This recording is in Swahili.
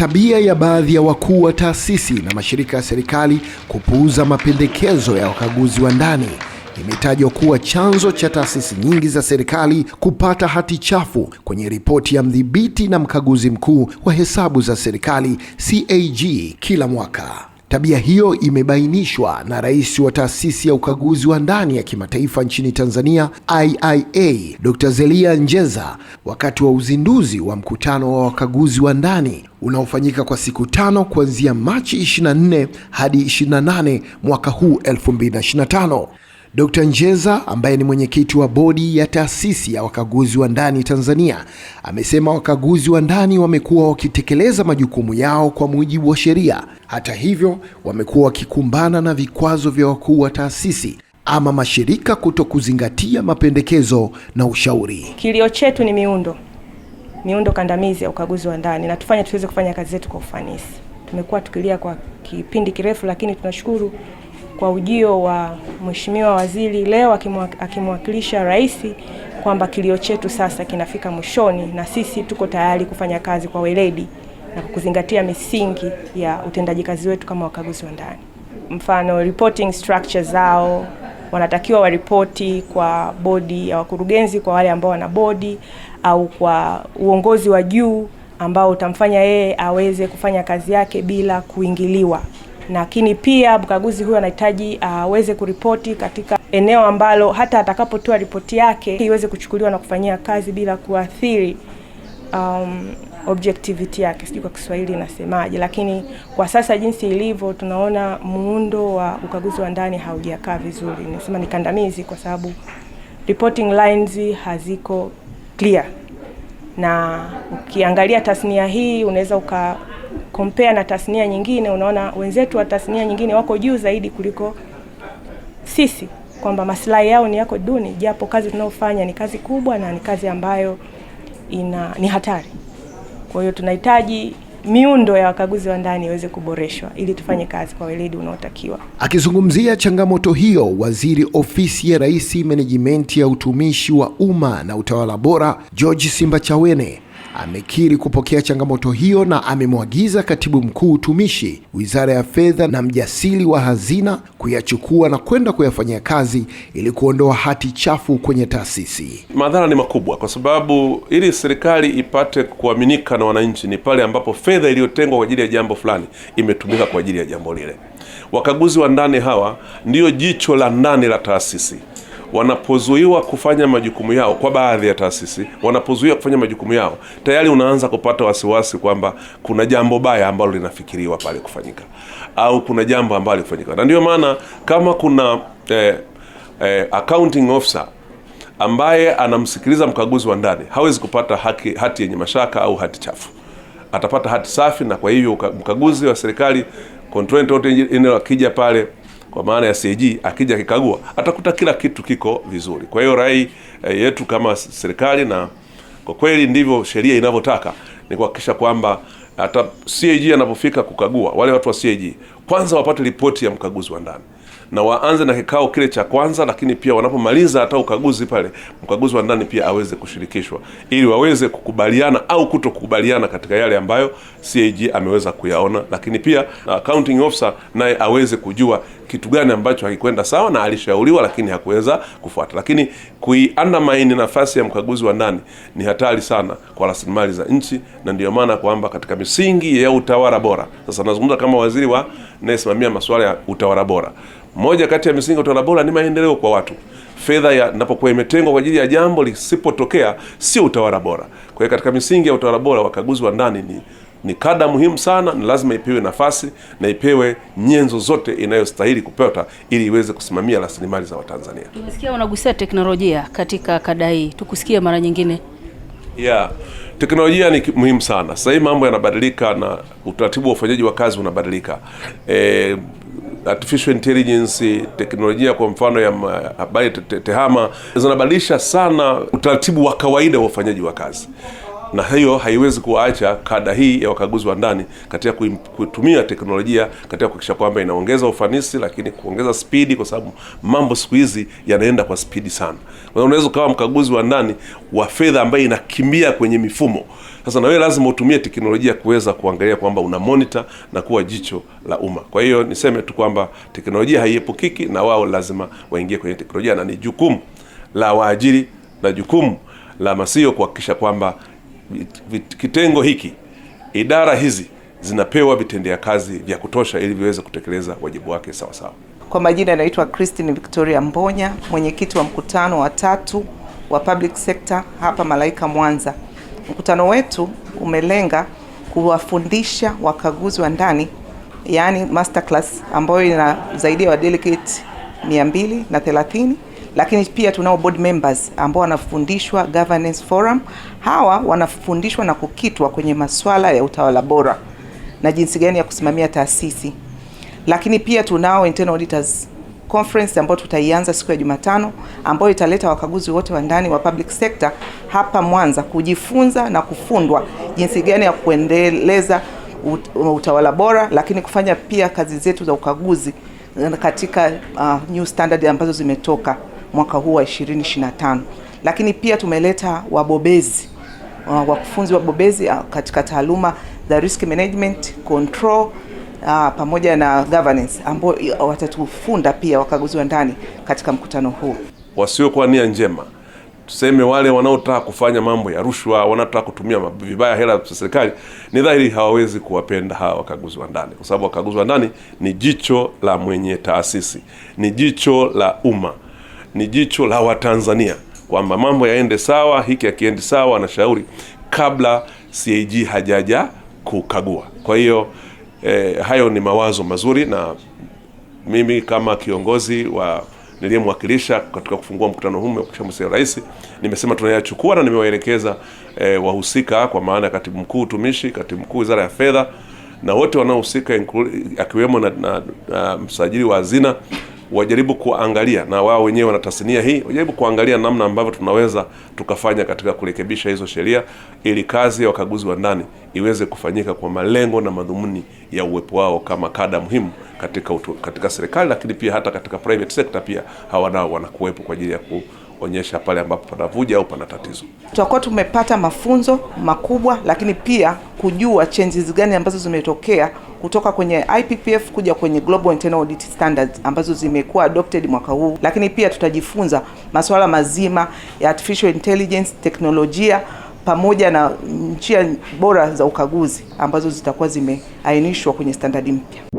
Tabia ya baadhi ya wakuu wa taasisi na mashirika ya serikali kupuuza mapendekezo ya wakaguzi wa ndani imetajwa kuwa chanzo cha taasisi nyingi za serikali kupata hati chafu kwenye ripoti ya mdhibiti na mkaguzi mkuu wa hesabu za serikali CAG kila mwaka. Tabia hiyo imebainishwa na rais wa taasisi ya ukaguzi wa ndani ya kimataifa nchini Tanzania IIA, Dr. Zelia Njeza wakati wa uzinduzi wa mkutano wa wakaguzi wa ndani unaofanyika kwa siku tano kuanzia Machi 24 hadi 28 mwaka huu 2025. Dkt. Njeza ambaye ni mwenyekiti wa bodi ya taasisi ya wakaguzi wa ndani Tanzania amesema wakaguzi wa ndani wamekuwa wakitekeleza majukumu yao kwa mujibu wa sheria. Hata hivyo, wamekuwa wakikumbana na vikwazo vya wakuu wa taasisi ama mashirika kuto kuzingatia mapendekezo na ushauri. Kilio chetu ni miundo, miundo kandamizi ya ukaguzi wa ndani na tufanye tuweze kufanya kazi zetu kwa ufanisi. Tumekuwa tukilia kwa kipindi kirefu, lakini tunashukuru kwa ujio wa Mheshimiwa Waziri leo akimwakilisha Rais kwamba kilio chetu sasa kinafika mwishoni na sisi tuko tayari kufanya kazi kwa weledi na kuzingatia misingi ya utendaji kazi wetu kama wakaguzi wa ndani. Mfano, reporting structure zao wanatakiwa waripoti kwa bodi ya wakurugenzi, kwa wale ambao wana bodi au kwa uongozi wa juu ambao utamfanya yeye aweze kufanya kazi yake bila kuingiliwa lakini pia mkaguzi huyo anahitaji uh, aweze uh, kuripoti katika eneo ambalo hata atakapotoa ripoti yake iweze kuchukuliwa na kufanyia kazi bila kuathiri um, objectivity yake, sijui kwa Kiswahili inasemaje, lakini kwa sasa jinsi ilivyo, tunaona muundo wa ukaguzi wa ndani haujakaa vizuri. Nasema ni kandamizi kwa sababu reporting lines haziko clear, na ukiangalia tasnia hii unaweza uka compare na tasnia nyingine, unaona wenzetu wa tasnia nyingine wako juu zaidi kuliko sisi, kwamba maslahi yao ni yako duni, japo kazi tunayofanya ni kazi kubwa na ni kazi ambayo ina ni hatari. Kwa hiyo tunahitaji miundo ya wakaguzi wa ndani iweze kuboreshwa ili tufanye kazi kwa weledi unaotakiwa. Akizungumzia changamoto hiyo, Waziri Ofisi ya Rais, Menejimenti ya Utumishi wa Umma na Utawala Bora, George Simbachawene amekiri kupokea changamoto hiyo na amemwagiza katibu mkuu utumishi, wizara ya fedha na mjasili wa hazina kuyachukua na kwenda kuyafanyia kazi ili kuondoa hati chafu kwenye taasisi. Madhara ni makubwa, kwa sababu ili serikali ipate kuaminika na wananchi ni pale ambapo fedha iliyotengwa kwa ajili ya jambo fulani imetumika kwa ajili ya jambo lile. Wakaguzi wa ndani hawa ndiyo jicho la ndani la taasisi wanapozuiwa kufanya majukumu yao, kwa baadhi ya taasisi wanapozuiwa kufanya majukumu yao, tayari unaanza kupata wasiwasi kwamba kuna jambo baya ambalo linafikiriwa pale kufanyika au kuna jambo ambalo likufanyika, na ndio maana kama kuna eh, eh, accounting officer ambaye anamsikiliza mkaguzi wa ndani hawezi kupata haki, hati yenye mashaka au hati chafu. Atapata hati safi, na kwa hivyo mkaguzi wa serikali akija pale kwa maana ya CAG akija akikagua atakuta kila kitu kiko vizuri. Kwa hiyo rai eh, yetu kama serikali, na kwa kweli ndivyo sheria inavyotaka, ni kuhakikisha kwamba hata CAG anapofika kukagua, wale watu wa CAG kwanza wapate ripoti ya mkaguzi wa ndani na waanze na kikao kile cha kwanza, lakini pia wanapomaliza hata ukaguzi pale, mkaguzi wa ndani pia aweze kushirikishwa ili waweze kukubaliana au kutokukubaliana katika yale ambayo CAG ameweza kuyaona, lakini pia uh, accounting officer naye aweze kujua kitu gani ambacho hakikwenda sawa, na alishauriwa lakini hakuweza kufuata. Lakini kuiandamaini nafasi ya mkaguzi wa ndani ni hatari sana kwa rasilimali za nchi, na ndiyo maana kwamba katika misingi ya utawala bora, sasa nazungumza kama waziri wa nayesimamia masuala ya utawala bora, moja kati ya misingi ya utawala bora ni maendeleo kwa watu fedha inapokuwa imetengwa kwa ajili ya jambo lisipotokea, sio utawala bora. Kwa hiyo katika misingi ya utawala bora, wakaguzi wa ndani ni ni kada muhimu sana, na lazima ipewe nafasi na ipewe nyenzo zote inayostahili kupata ili iweze kusimamia rasilimali za Watanzania. Nimesikia unagusia teknolojia katika kada hii, tukusikie mara nyingine. Yeah. Teknolojia ni muhimu sana. Sasa hii mambo yanabadilika na utaratibu wa ufanyaji wa kazi unabadilika. E, artificial intelligence, teknolojia kwa mfano ya habari tehama zinabadilisha sana utaratibu wa kawaida wa ufanyaji wa kazi na hiyo haiwezi kuwaacha kada hii ya wakaguzi wa ndani katika kutumia teknolojia katika kuhakikisha kwamba inaongeza ufanisi, lakini kuongeza spidi, kwa sababu mambo siku hizi yanaenda kwa spidi sana. Unaweza ukawa mkaguzi wa ndani wa fedha ambaye inakimbia kwenye mifumo. Sasa na wewe lazima utumie teknolojia kuweza kuangalia kwamba una monitor na kuwa jicho la umma. Kwa hiyo niseme tu kwamba teknolojia haiepukiki, na wao lazima waingie kwenye teknolojia, na ni jukumu la waajiri na jukumu la masio kuhakikisha kwamba kitengo hiki, idara hizi zinapewa vitendea kazi vya kutosha ili viweze kutekeleza wajibu wake sawa sawa. Kwa majina yanaitwa Christine Victoria Mbonya, mwenyekiti wa mkutano wa tatu wa public sector hapa Malaika Mwanza. Mkutano wetu umelenga kuwafundisha wakaguzi wa ndani, yaani master class ambayo ina zaidi ya wa delegate 230 lakini pia tunao board members ambao wanafundishwa governance forum. Hawa wanafundishwa na kukitwa kwenye masuala ya utawala bora na jinsi gani ya kusimamia taasisi, lakini pia tunao internal auditors conference ambayo tutaianza siku ya Jumatano ambayo italeta wakaguzi wote wa ndani wa public sector hapa Mwanza kujifunza na kufundwa jinsi gani ya kuendeleza utawala bora, lakini kufanya pia kazi zetu za ukaguzi katika uh, new standard ambazo zimetoka mwaka huu wa 2025, lakini pia tumeleta wabobezi uh, wakufunzi wabobezi uh, katika taaluma za risk management control, Aa, uh, pamoja na governance ambao watatufunda pia wakaguzi wa ndani katika mkutano huu. Wasiokuwa nia njema, tuseme wale wanaotaka kufanya mambo ya rushwa, wanaotaka kutumia vibaya hela za serikali, ni dhahiri hawawezi kuwapenda hawa wakaguzi wa ndani, kwa sababu wakaguzi wa ndani ni jicho la mwenye taasisi, ni jicho la umma ni jicho la Watanzania kwamba mambo yaende sawa, hiki akiendi sawa, anashauri kabla CAG hajaja kukagua. Kwa hiyo eh, hayo ni mawazo mazuri, na mimi kama kiongozi wa niliyemwakilisha katika kufungua mkutano huu wa rais, nimesema tunayachukua na nimewaelekeza eh, wahusika kwa maana ya katibu mkuu utumishi, katibu mkuu wizara ya fedha na wote wanaohusika akiwemo na, na, na msajili wa hazina wajaribu kuangalia na wao wenyewe wana tasnia hii, wajaribu kuangalia namna ambavyo tunaweza tukafanya katika kurekebisha hizo sheria ili kazi ya wakaguzi wa ndani iweze kufanyika kwa malengo na madhumuni ya uwepo wao kama kada muhimu katika utu, katika serikali, lakini pia hata katika private sector pia hawa nao wanakuwepo kwa ajili ya ku onyesha pale ambapo panavuja au pana tatizo. Tutakuwa tumepata mafunzo makubwa, lakini pia kujua changes gani ambazo zimetokea kutoka kwenye IPPF kuja kwenye Global Internal Audit Standards ambazo zimekuwa adopted mwaka huu, lakini pia tutajifunza masuala mazima ya artificial intelligence, teknolojia pamoja na njia bora za ukaguzi ambazo zitakuwa zimeainishwa kwenye standardi mpya.